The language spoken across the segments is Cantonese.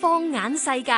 放眼世界，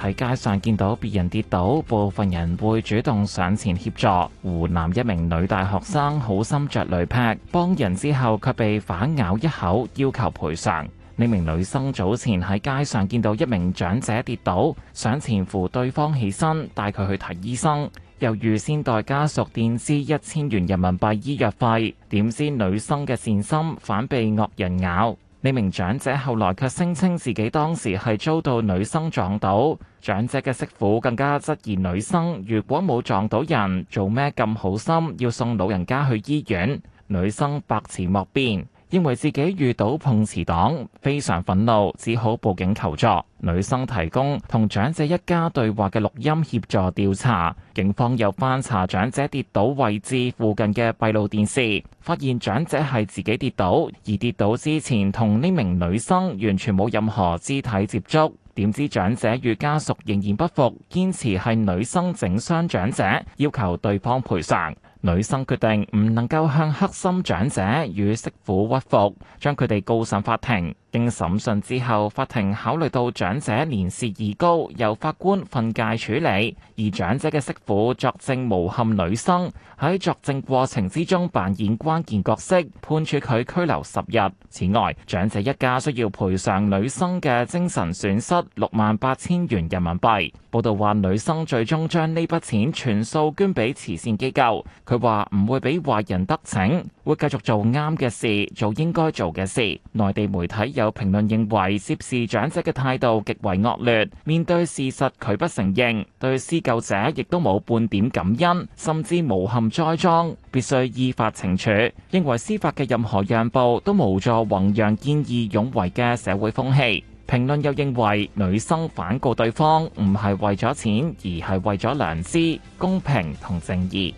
喺街上見到別人跌倒，部分人會主動上前協助。湖南一名女大學生好心着雷劈，幫人之後，卻被反咬一口，要求賠償。呢名女生早前喺街上見到一名長者跌倒，上前扶對方起身，帶佢去睇醫生。又預先代家屬墊資一千元人民幣醫藥費，點知女生嘅善心反被惡人咬。呢名長者後來卻聲稱自己當時係遭到女生撞到，長者嘅媳婦更加質疑女生，如果冇撞到人，做咩咁好心要送老人家去醫院？女生百辭莫辯。認為自己遇到碰瓷黨，非常憤怒，只好報警求助。女生提供同長者一家對話嘅錄音協助調查，警方又翻查長者跌倒位置附近嘅閉路電視，發現長者係自己跌倒，而跌倒之前同呢名女生完全冇任何肢體接觸。點知長者與家屬仍然不服，堅持係女生整傷長者，要求對方賠償。女生決定唔能夠向黑心長者與媳婦屈服，將佢哋告上法庭。經審訊之後，法庭考慮到長者年事已高，由法官訓誡處理；而長者嘅媳婦作證誣陷女生，喺作證過程之中扮演關鍵角色，判處佢拘留十日。此外，長者一家需要賠償女生嘅精神損失六萬八千元人民幣。報道話，女生最終將呢筆錢全數捐俾慈善機構，佢話唔會俾壞人得逞。會繼續做啱嘅事，做應該做嘅事。內地媒體有評論認為，涉事長者嘅態度極為惡劣，面對事實佢不承認，對施救者亦都冇半點感恩，甚至無恥栽贓，必須依法懲處。認為司法嘅任何讓步都無助弘揚見義勇為嘅社會風氣。評論又認為，女生反告對方唔係為咗錢，而係為咗良知、公平同正義。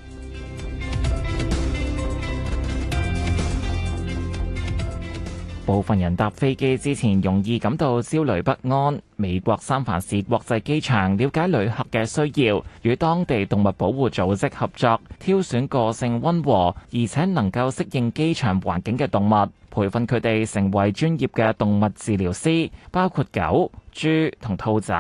部分人搭飛機之前容易感到焦慮不安。美國三藩市國際機場了解旅客嘅需要，與當地動物保護組織合作，挑選個性溫和而且能夠適應機場環境嘅動物，培訓佢哋成為專業嘅動物治療師，包括狗、豬同兔仔，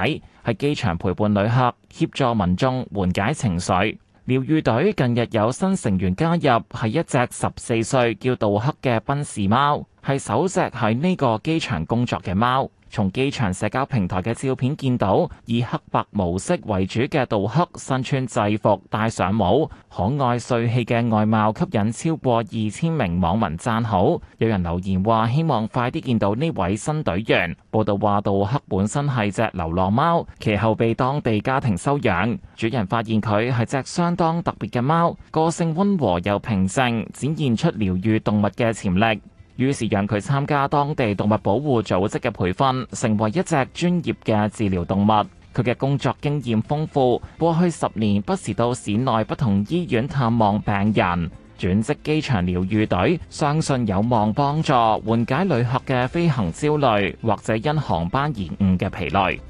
喺機場陪伴旅客，協助民眾緩解情緒。療愈隊近日有新成員加入，係一隻十四歲叫杜克嘅賓士貓，係首隻喺呢個機場工作嘅貓。從機場社交平台嘅照片見到，以黑白模式為主嘅杜克身穿制服、戴上帽，可愛帥氣嘅外貌吸引超過二千名網民讚好。有人留言話：希望快啲見到呢位新隊員。報道話：杜克本身係隻流浪貓，其後被當地家庭收養。主人發現佢係隻相當特別嘅貓，個性溫和又平靜，展現出療愈動物嘅潛力。於是讓佢參加當地動物保護組織嘅培訓，成為一隻專業嘅治療動物。佢嘅工作經驗豐富，過去十年不時到市內不同醫院探望病人。轉職機場療癒隊相信有望幫助緩解旅客嘅飛行焦慮，或者因航班延誤嘅疲累。